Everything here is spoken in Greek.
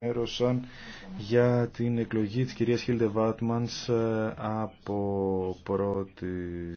ενημέρωσαν για την εκλογή της κυρίας Χίλτε Βάτμανς ε, από πρώτη